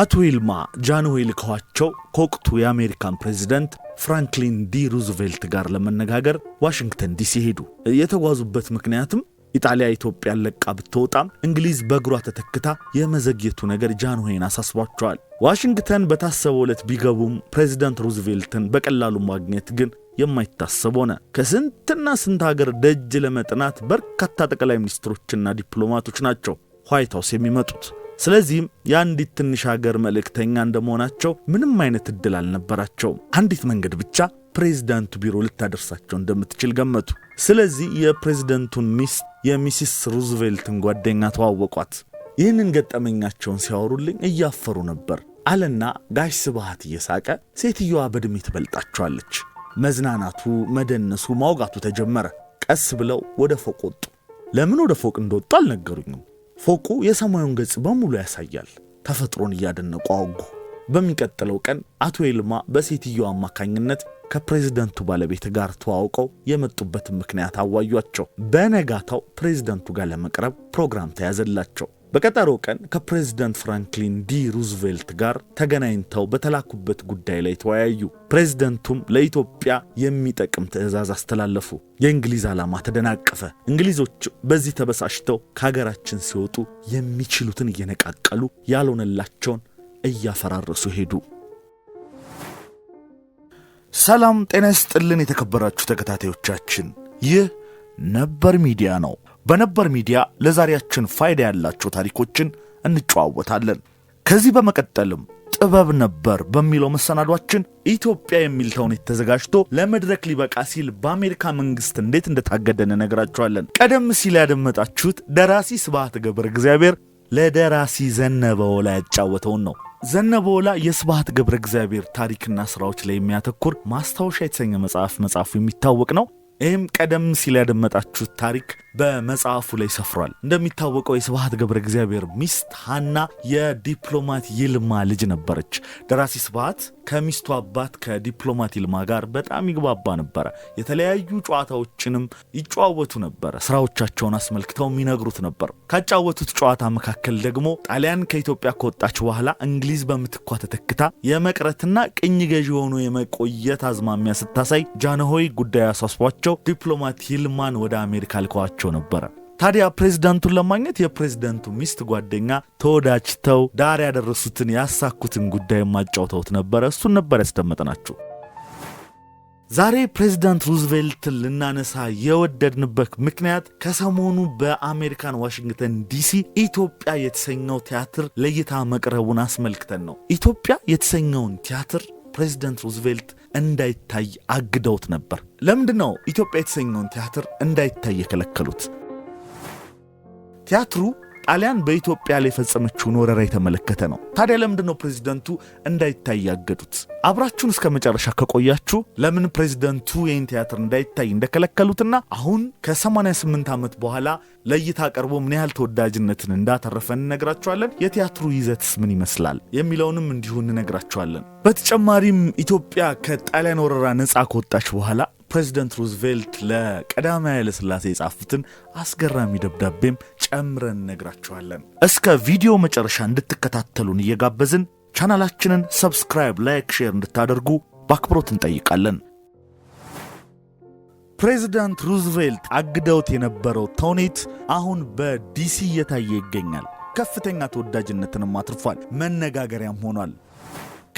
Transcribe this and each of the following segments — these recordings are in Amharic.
አቶ ይልማ ጃንሆይ ልከዋቸው ከወቅቱ የአሜሪካን ፕሬዚደንት ፍራንክሊን ዲ ሩዝቬልት ጋር ለመነጋገር ዋሽንግተን ዲሲ ሄዱ። የተጓዙበት ምክንያትም ኢጣሊያ ኢትዮጵያን ለቃ ብትወጣም እንግሊዝ በእግሯ ተተክታ የመዘግየቱ ነገር ጃንሆይን አሳስቧቸዋል። ዋሽንግተን በታሰበው ዕለት ቢገቡም ፕሬዚዳንት ሩዝቬልትን በቀላሉ ማግኘት ግን የማይታሰብ ሆነ። ከስንትና ስንት ሀገር ደጅ ለመጥናት በርካታ ጠቅላይ ሚኒስትሮችና ዲፕሎማቶች ናቸው ዋይት ሀውስ የሚመጡት። ስለዚህም የአንዲት ትንሽ ሀገር መልእክተኛ እንደመሆናቸው ምንም አይነት እድል አልነበራቸውም። አንዲት መንገድ ብቻ ፕሬዚዳንቱ ቢሮ ልታደርሳቸው እንደምትችል ገመቱ። ስለዚህ የፕሬዚደንቱን ሚስት የሚሲስ ሩዝቬልትን ጓደኛ ተዋወቋት። ይህንን ገጠመኛቸውን ሲያወሩልኝ እያፈሩ ነበር አለና ጋሽ ስብሃት እየሳቀ ሴትየዋ በዕድሜ ትበልጣቸዋለች። መዝናናቱ፣ መደነሱ፣ ማውጋቱ ተጀመረ። ቀስ ብለው ወደ ፎቅ ወጡ። ለምን ወደ ፎቅ እንደወጡ አልነገሩኝም። ፎቁ የሰማዩን ገጽ በሙሉ ያሳያል። ተፈጥሮን እያደነቁ አወጉ። በሚቀጥለው ቀን አቶ ይልማ በሴትየው አማካኝነት ከፕሬዝደንቱ ባለቤት ጋር ተዋውቀው የመጡበትን ምክንያት አዋዩቸው። በነጋታው ፕሬዝደንቱ ጋር ለመቅረብ ፕሮግራም ተያዘላቸው። በቀጠሮ ቀን ከፕሬዝደንት ፍራንክሊን ዲ ሩዝቬልት ጋር ተገናኝተው በተላኩበት ጉዳይ ላይ ተወያዩ። ፕሬዝደንቱም ለኢትዮጵያ የሚጠቅም ትዕዛዝ አስተላለፉ። የእንግሊዝ ዓላማ ተደናቀፈ። እንግሊዞች በዚህ ተበሳሽተው ከሀገራችን ሲወጡ የሚችሉትን እየነቃቀሉ ያልሆነላቸውን እያፈራረሱ ሄዱ። ሰላም ጤና ይስጥልን። የተከበራችሁ ተከታታዮቻችን ይህ ነበር ሚዲያ ነው። በነበር ሚዲያ ለዛሬያችን ፋይዳ ያላቸው ታሪኮችን እንጨዋወታለን። ከዚህ በመቀጠልም ጥበብ ነበር በሚለው መሰናዷችን ኢትዮጵያ የሚል ተውኔት ተዘጋጅቶ ለመድረክ ሊበቃ ሲል በአሜሪካ መንግስት እንዴት እንደታገደ እንነግራችኋለን። ቀደም ሲል ያደመጣችሁት ደራሲ ስብሐት ገብረ እግዚአብሔር ለደራሲ ዘነበው ላይ ያጫወተውን ነው። ዘነበወላ የስብሐት ገብረ እግዚአብሔር ታሪክና ስራዎች ላይ የሚያተኩር ማስታወሻ የተሰኘ መጽሐፍ መጽሐፉ የሚታወቅ ነው። ይህም ቀደም ሲል ያደመጣችሁት ታሪክ በመጽሐፉ ላይ ሰፍሯል። እንደሚታወቀው የስብሐት ገብረ እግዚአብሔር ሚስት ሀና የዲፕሎማት ይልማ ልጅ ነበረች። ደራሲ ስብሐት ከሚስቱ አባት ከዲፕሎማት ይልማ ጋር በጣም ይግባባ ነበረ። የተለያዩ ጨዋታዎችንም ይጨዋወቱ ነበረ። ስራዎቻቸውን አስመልክተው የሚነግሩት ነበር። ካጫወቱት ጨዋታ መካከል ደግሞ ጣሊያን ከኢትዮጵያ ከወጣች በኋላ እንግሊዝ በምትኳ ተተክታ የመቅረትና ቅኝ ገዢ ሆኖ የመቆየት አዝማሚያ ስታሳይ ጃንሆይ ጉዳይ አሳስቧቸው ያላቸው ዲፕሎማት ይልማን ወደ አሜሪካ ልከዋቸው ነበረ። ታዲያ ፕሬዚዳንቱን ለማግኘት የፕሬዝዳንቱ ሚስት ጓደኛ ተወዳጅተው ዳር ያደረሱትን ያሳኩትን ጉዳይ ማጫውተውት ነበረ። እሱን ነበር ያስደመጥናችሁ። ዛሬ ፕሬዝዳንት ሩዝቬልትን ልናነሳ የወደድንበት ምክንያት ከሰሞኑ በአሜሪካን ዋሽንግተን ዲሲ ኢትዮጵያ የተሰኘው ቲያትር ለእይታ መቅረቡን አስመልክተን ነው። ኢትዮጵያ የተሰኘውን ቲያትር ፕሬዚደንት ሩዝቬልት እንዳይታይ አግደውት ነበር። ለምንድን ነው ኢትዮጵያ የተሰኘውን ቲያትር እንዳይታይ የከለከሉት? ቲያትሩ ጣሊያን በኢትዮጵያ ላይ የፈጸመችውን ወረራ የተመለከተ ነው። ታዲያ ለምንድን ነው ፕሬዚደንቱ እንዳይታይ ያገዱት? አብራችሁን እስከ መጨረሻ ከቆያችሁ ለምን ፕሬዚደንቱ ይህን ቲያትር እንዳይታይ እንደከለከሉትና አሁን ከ88 ዓመት በኋላ ለእይታ ቀርቦ ምን ያህል ተወዳጅነትን እንዳተረፈ እንነግራችኋለን። የቲያትሩ ይዘትስ ምን ይመስላል የሚለውንም እንዲሁ እንነግራችኋለን። በተጨማሪም ኢትዮጵያ ከጣሊያን ወረራ ነፃ ከወጣች በኋላ ፕሬዚደንት ሩዝቬልት ለቀዳማዊ ኃይለሥላሴ የጻፉትን አስገራሚ ደብዳቤም ጨምረን እነግራችኋለን። እስከ ቪዲዮ መጨረሻ እንድትከታተሉን እየጋበዝን ቻናላችንን ሰብስክራይብ፣ ላይክ፣ ሼር እንድታደርጉ በአክብሮት እንጠይቃለን። ፕሬዚዳንት ሩዝቬልት አግደውት የነበረው ተውኔት አሁን በዲሲ እየታየ ይገኛል። ከፍተኛ ተወዳጅነትንም አትርፏል። መነጋገሪያም ሆኗል።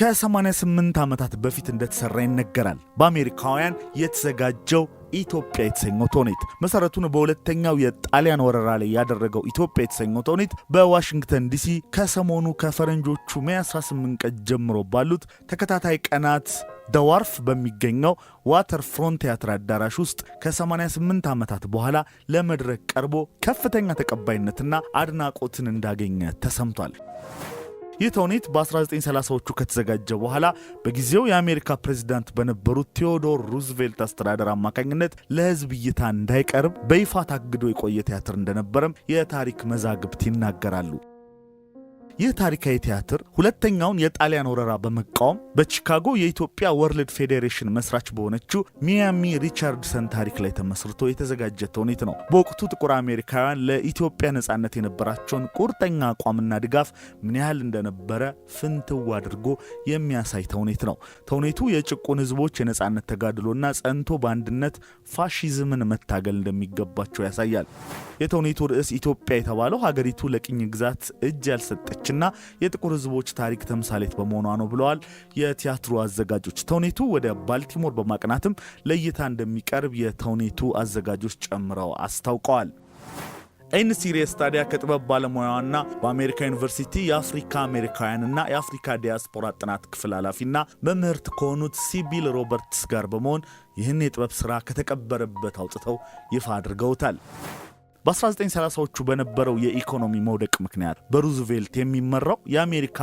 ከ88 ዓመታት በፊት እንደተሰራ ይነገራል። በአሜሪካውያን የተዘጋጀው ኢትዮጵያ የተሰኘው ተውኔት መሰረቱን በሁለተኛው የጣሊያን ወረራ ላይ ያደረገው ኢትዮጵያ የተሰኘው ተውኔት በዋሽንግተን ዲሲ ከሰሞኑ ከፈረንጆቹ ሜይ 18 ቀን ጀምሮ ባሉት ተከታታይ ቀናት ደዋርፍ በሚገኘው ዋተር ፍሮንት ቲያትር አዳራሽ ውስጥ ከ88 ዓመታት በኋላ ለመድረክ ቀርቦ ከፍተኛ ተቀባይነትና አድናቆትን እንዳገኘ ተሰምቷል። ይህ ተውኔት በ1930ዎቹ ከተዘጋጀ በኋላ በጊዜው የአሜሪካ ፕሬዚዳንት በነበሩት ቴዎዶር ሩዝቬልት አስተዳደር አማካኝነት ለህዝብ እይታ እንዳይቀርብ በይፋ ታግዶ የቆየ ቲያትር እንደነበረም የታሪክ መዛግብት ይናገራሉ። ይህ ታሪካዊ ቲያትር ሁለተኛውን የጣሊያን ወረራ በመቃወም በቺካጎ የኢትዮጵያ ወርልድ ፌዴሬሽን መስራች በሆነችው ሚያሚ ሪቻርድሰን ታሪክ ላይ ተመስርቶ የተዘጋጀ ተውኔት ነው። በወቅቱ ጥቁር አሜሪካውያን ለኢትዮጵያ ነጻነት የነበራቸውን ቁርጠኛ አቋምና ድጋፍ ምን ያህል እንደነበረ ፍንትው አድርጎ የሚያሳይ ተውኔት ነው። ተውኔቱ የጭቁን ህዝቦች የነጻነት ተጋድሎና ጸንቶ በአንድነት ፋሺዝምን መታገል እንደሚገባቸው ያሳያል። የተውኔቱ ርዕስ ኢትዮጵያ የተባለው ሀገሪቱ ለቅኝ ግዛት እጅ ያልሰጠች የጥቁሮችና የጥቁር ሕዝቦች ታሪክ ተምሳሌት በመሆኗ ነው ብለዋል የቲያትሩ አዘጋጆች። ተውኔቱ ወደ ባልቲሞር በማቅናትም ለእይታ እንደሚቀርብ የተውኔቱ አዘጋጆች ጨምረው አስታውቀዋል። ኤን ሲሪየስ ታዲያ ከጥበብ ባለሙያዋና በአሜሪካ ዩኒቨርሲቲ የአፍሪካ አሜሪካውያንና የአፍሪካ ዲያስፖራ ጥናት ክፍል ኃላፊና መምህርት ከሆኑት ሲቢል ሮበርትስ ጋር በመሆን ይህን የጥበብ ስራ ከተቀበረበት አውጥተው ይፋ አድርገውታል። በ1930ዎቹ በነበረው የኢኮኖሚ መውደቅ ምክንያት በሩዝቬልት የሚመራው የአሜሪካ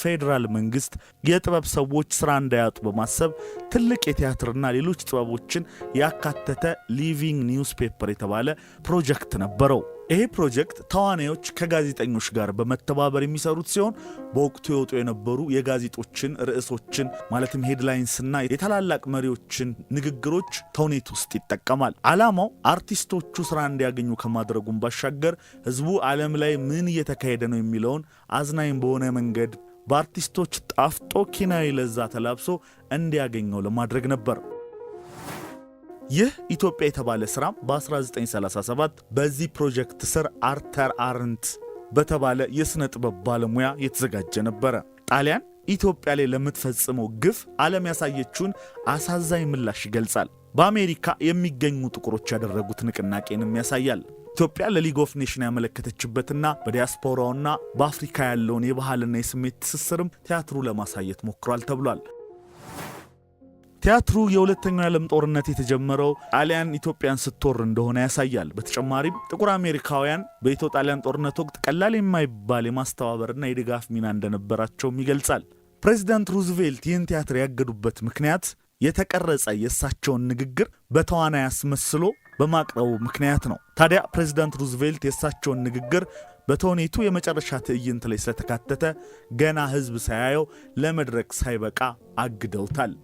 ፌዴራል መንግስት የጥበብ ሰዎች ሥራ እንዳያጡ በማሰብ ትልቅ የቲያትርና ሌሎች ጥበቦችን ያካተተ ሊቪንግ ኒውስፔፐር ፔፐር የተባለ ፕሮጀክት ነበረው። ይሄ ፕሮጀክት ተዋናዮች ከጋዜጠኞች ጋር በመተባበር የሚሰሩት ሲሆን በወቅቱ የወጡ የነበሩ የጋዜጦችን ርዕሶችን ማለትም ሄድላይንስና የታላላቅ መሪዎችን ንግግሮች ተውኔት ውስጥ ይጠቀማል። ዓላማው አርቲስቶቹ ስራ እንዲያገኙ ከማድረጉም ባሻገር ህዝቡ ዓለም ላይ ምን እየተካሄደ ነው የሚለውን አዝናኝ በሆነ መንገድ በአርቲስቶች ጣፍጦ ኪናዊ ለዛ ተላብሶ እንዲያገኘው ለማድረግ ነበር። ይህ ኢትዮጵያ የተባለ ስራም በ1937 በዚህ ፕሮጀክት ስር አርተር አርንት በተባለ የሥነ ጥበብ ባለሙያ የተዘጋጀ ነበረ። ጣሊያን ኢትዮጵያ ላይ ለምትፈጽመው ግፍ ዓለም ያሳየችውን አሳዛኝ ምላሽ ይገልጻል። በአሜሪካ የሚገኙ ጥቁሮች ያደረጉት ንቅናቄንም ያሳያል። ኢትዮጵያ ለሊግ ኦፍ ኔሽን ያመለከተችበትና በዲያስፖራውና በአፍሪካ ያለውን የባህልና የስሜት ትስስርም ቲያትሩ ለማሳየት ሞክሯል ተብሏል። ቲያትሩ የሁለተኛው የዓለም ጦርነት የተጀመረው ጣሊያን ኢትዮጵያን ስትወር እንደሆነ ያሳያል። በተጨማሪም ጥቁር አሜሪካውያን በኢትዮ ጣሊያን ጦርነት ወቅት ቀላል የማይባል የማስተባበርና የድጋፍ ሚና እንደነበራቸውም ይገልጻል። ፕሬዚዳንት ሩዝቬልት ይህን ቲያትር ያገዱበት ምክንያት የተቀረጸ የእሳቸውን ንግግር በተዋናይ አስመስሎ በማቅረቡ ምክንያት ነው። ታዲያ ፕሬዚዳንት ሩዝቬልት የእሳቸውን ንግግር በተውኔቱ የመጨረሻ ትዕይንት ላይ ስለተካተተ ገና ሕዝብ ሳያየው ለመድረክ ሳይበቃ አግደውታል።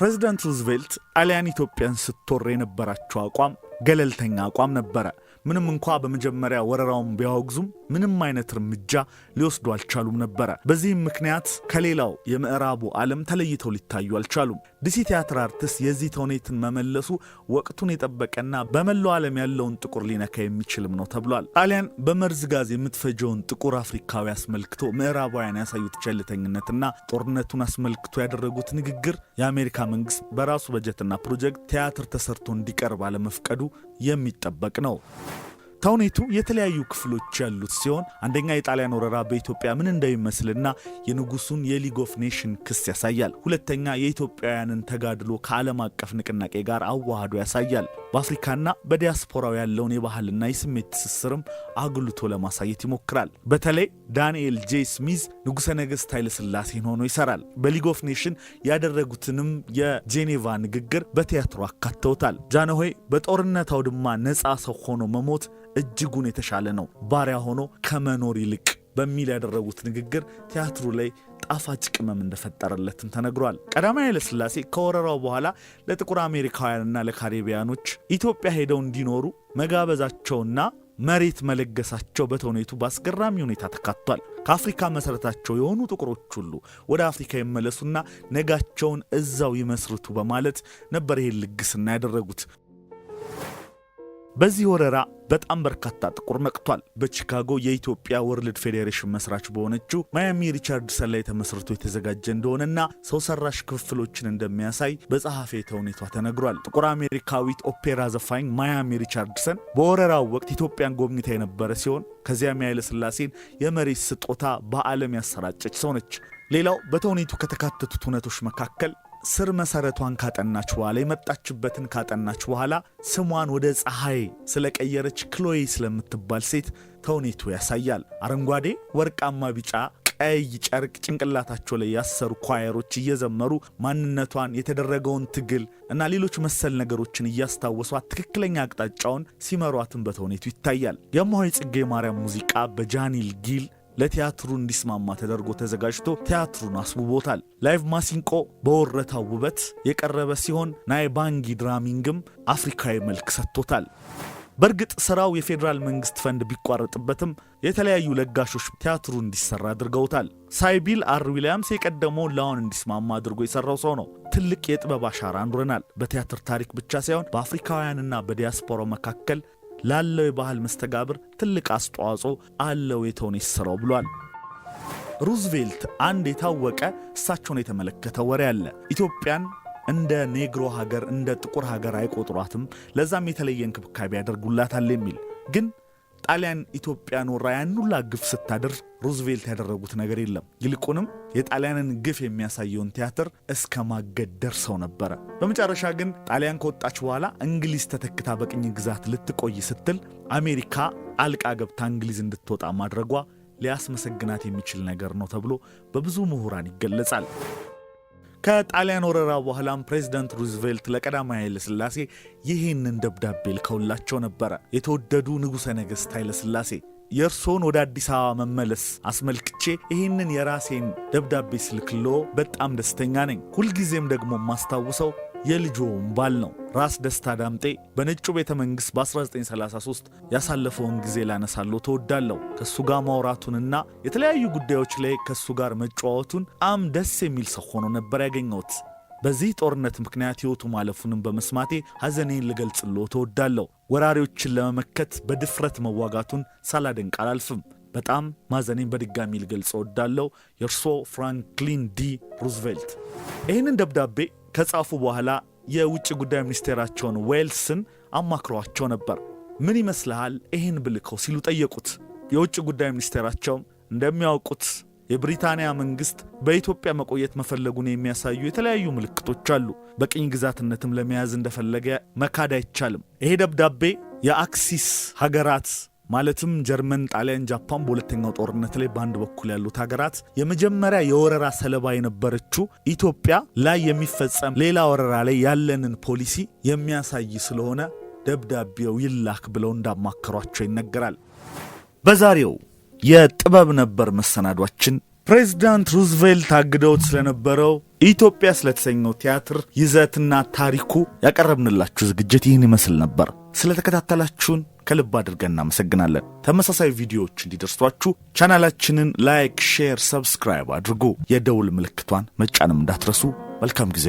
ፕሬዚዳንት ሩዝቬልት ጣሊያን ኢትዮጵያን ስትወር የነበራቸው አቋም ገለልተኛ አቋም ነበረ። ምንም እንኳ በመጀመሪያ ወረራውን ቢያወግዙም ምንም አይነት እርምጃ ሊወስዱ አልቻሉም ነበረ። በዚህም ምክንያት ከሌላው የምዕራቡ ዓለም ተለይተው ሊታዩ አልቻሉም። ዲሲ ቲያትር አርቲስት የዚህ ተውኔትን መመለሱ ወቅቱን የጠበቀና በመላው ዓለም ያለውን ጥቁር ሊነካ የሚችልም ነው ተብሏል። ጣሊያን በመርዝ ጋዝ የምትፈጀውን ጥቁር አፍሪካዊ አስመልክቶ ምዕራባውያን ያሳዩት ቸልተኝነትና ጦርነቱን አስመልክቶ ያደረጉት ንግግር የአሜሪካ መንግስት በራሱ በጀትና ፕሮጀክት ቲያትር ተሰርቶ እንዲቀርብ አለመፍቀዱ የሚጠበቅ ነው። ተውኔቱ የተለያዩ ክፍሎች ያሉት ሲሆን አንደኛ የጣሊያን ወረራ በኢትዮጵያ ምን እንደሚመስልና የንጉሱን የሊግ ኦፍ ኔሽን ክስ ያሳያል። ሁለተኛ የኢትዮጵያውያንን ተጋድሎ ከዓለም አቀፍ ንቅናቄ ጋር አዋህዶ ያሳያል። በአፍሪካና በዲያስፖራው ያለውን የባህልና የስሜት ትስስርም አጉልቶ ለማሳየት ይሞክራል። በተለይ ዳንኤል ጄ ስሚዝ ንጉሠ ነገሥት ኃይለሥላሴን ሆኖ ይሰራል። በሊግ ኦፍ ኔሽን ያደረጉትንም የጄኔቫ ንግግር በትያትሩ አካተውታል። ጃንሆይ በጦርነት አውድማ ነፃ ሰው ሆኖ መሞት እጅጉን የተሻለ ነው ባሪያ ሆኖ ከመኖር ይልቅ በሚል ያደረጉት ንግግር ቲያትሩ ላይ ጣፋጭ ቅመም እንደፈጠረለትም ተነግሯል። ቀዳማዊ ኃይለሥላሴ ከወረራው በኋላ ለጥቁር አሜሪካውያንና ለካሪቢያኖች ኢትዮጵያ ሄደው እንዲኖሩ መጋበዛቸውና መሬት መለገሳቸው በተውኔቱ በአስገራሚ ሁኔታ ተካቷል። ከአፍሪካ መሠረታቸው የሆኑ ጥቁሮች ሁሉ ወደ አፍሪካ ይመለሱና ነጋቸውን እዛው ይመስርቱ በማለት ነበር ይህን ልግስና ያደረጉት። በዚህ ወረራ በጣም በርካታ ጥቁር ነቅቷል። በቺካጎ የኢትዮጵያ ወርልድ ፌዴሬሽን መስራች በሆነችው ማያሚ ሪቻርድሰን ላይ ተመስርቶ የተዘጋጀ እንደሆነና ሰው ሰራሽ ክፍፍሎችን እንደሚያሳይ በጸሐፌ ተውኔቷ ተነግሯል። ጥቁር አሜሪካዊት ኦፔራ ዘፋኝ ማያሚ ሪቻርድሰን በወረራው ወቅት ኢትዮጵያን ጎብኝታ የነበረ ሲሆን ከዚያም የኃይለ ሥላሴን የመሬት ስጦታ በዓለም ያሰራጨች ሰው ነች። ሌላው በተውኔቱ ከተካተቱት እውነቶች መካከል ስር መሰረቷን ካጠናች በኋላ የመጣችበትን ካጠናች በኋላ ስሟን ወደ ፀሐይ ስለቀየረች ክሎይ ስለምትባል ሴት ተውኔቱ ያሳያል። አረንጓዴ፣ ወርቃማ፣ ቢጫ ቀይ ጨርቅ ጭንቅላታቸው ላይ ያሰሩ ኳየሮች እየዘመሩ ማንነቷን የተደረገውን ትግል እና ሌሎች መሰል ነገሮችን እያስታወሷት ትክክለኛ አቅጣጫውን ሲመሯትን በተውኔቱ ይታያል። የእማሆይ ጽጌ ማርያም ሙዚቃ በጃኒል ጊል ለቲያትሩ እንዲስማማ ተደርጎ ተዘጋጅቶ ቲያትሩን አስውቦታል። ላይቭ ማሲንቆ በወረታው ውበት የቀረበ ሲሆን ናይ ባንጊ ድራሚንግም አፍሪካዊ መልክ ሰጥቶታል። በእርግጥ ሥራው የፌዴራል መንግስት ፈንድ ቢቋረጥበትም የተለያዩ ለጋሾች ቲያትሩ እንዲሰራ አድርገውታል። ሳይቢል አር ዊልያምስ የቀደመውን ላውን እንዲስማማ አድርጎ የሰራው ሰው ነው። ትልቅ የጥበብ አሻራ አኑረናል። በቲያትር ታሪክ ብቻ ሳይሆን በአፍሪካውያንና በዲያስፖራ መካከል ላለው የባህል መስተጋብር ትልቅ አስተዋጽኦ አለው የቶኒስ ስራው ብሏል። ሩዝቬልት አንድ የታወቀ እሳቸውን የተመለከተ ወሬ አለ። ኢትዮጵያን እንደ ኔግሮ ሀገር እንደ ጥቁር ሀገር አይቆጥሯትም፣ ለዛም የተለየ እንክብካቤ ያደርጉላታል የሚል ግን ጣሊያን ኢትዮጵያ ኖራ ያን ሁላ ግፍ ስታደር ሩዝቬልት ያደረጉት ነገር የለም። ይልቁንም የጣሊያንን ግፍ የሚያሳየውን ቲያትር እስከ ማገድ ደርሰው ነበረ። በመጨረሻ ግን ጣሊያን ከወጣች በኋላ እንግሊዝ ተተክታ በቅኝ ግዛት ልትቆይ ስትል አሜሪካ አልቃ ገብታ እንግሊዝ እንድትወጣ ማድረጓ ሊያስመሰግናት የሚችል ነገር ነው ተብሎ በብዙ ምሁራን ይገለጻል። ከጣሊያን ወረራ በኋላም ፕሬዚደንት ሩዝቬልት ለቀዳማዊ ኃይለሥላሴ ይህንን ደብዳቤ ልከውላቸው ነበረ። የተወደዱ ንጉሠ ነገሥት ኃይለሥላሴ የእርሶን ወደ አዲስ አበባ መመለስ አስመልክቼ ይህንን የራሴን ደብዳቤ ስልክሎ በጣም ደስተኛ ነኝ። ሁልጊዜም ደግሞ የማስታውሰው የልጆም ባል ነው። ራስ ደስታ ዳምጤ በነጩ ቤተ መንግሥት በ1933 ያሳለፈውን ጊዜ ላነሳለሁ ተወዳለሁ። ከእሱ ጋር ማውራቱንና የተለያዩ ጉዳዮች ላይ ከእሱ ጋር መጫወቱን አም ደስ የሚል ሰው ሆኖ ነበር ያገኘሁት። በዚህ ጦርነት ምክንያት ሕይወቱ ማለፉንም በመስማቴ ሐዘኔን ልገልጽሎ ተወዳለሁ። ወራሪዎችን ለመመከት በድፍረት መዋጋቱን ሳላደንቅ አላልፍም። በጣም ማዘኔን በድጋሚ ልገልጽ ወዳለው የእርሶ ፍራንክሊን ዲ ሩዝቬልት። ይህንን ደብዳቤ ከጻፉ በኋላ የውጭ ጉዳይ ሚኒስቴራቸውን ዌልስን አማክሯቸው ነበር። ምን ይመስልሃል ይህን ብልከው ሲሉ ጠየቁት። የውጭ ጉዳይ ሚኒስቴራቸውም እንደሚያውቁት የብሪታንያ መንግሥት በኢትዮጵያ መቆየት መፈለጉን የሚያሳዩ የተለያዩ ምልክቶች አሉ። በቅኝ ግዛትነትም ለመያዝ እንደፈለገ መካድ አይቻልም። ይሄ ደብዳቤ የአክሲስ ሀገራት ማለትም ጀርመን፣ ጣሊያን፣ ጃፓን በሁለተኛው ጦርነት ላይ በአንድ በኩል ያሉት ሀገራት የመጀመሪያ የወረራ ሰለባ የነበረችው ኢትዮጵያ ላይ የሚፈጸም ሌላ ወረራ ላይ ያለንን ፖሊሲ የሚያሳይ ስለሆነ ደብዳቤው ይላክ ብለው እንዳማከሯቸው ይነገራል። በዛሬው የጥበብ ነበር መሰናዷችን ፕሬዚዳንት ሩዝቬልት አግደውት ስለነበረው ኢትዮጵያ ስለተሰኘው ቲያትር ይዘትና ታሪኩ ያቀረብንላችሁ ዝግጅት ይህን ይመስል ነበር። ስለተከታተላችሁን ከልብ አድርገን እናመሰግናለን። ተመሳሳይ ቪዲዮዎች እንዲደርሷችሁ ቻናላችንን ላይክ፣ ሼር፣ ሰብስክራይብ አድርጉ። የደውል ምልክቷን መጫንም እንዳትረሱ። መልካም ጊዜ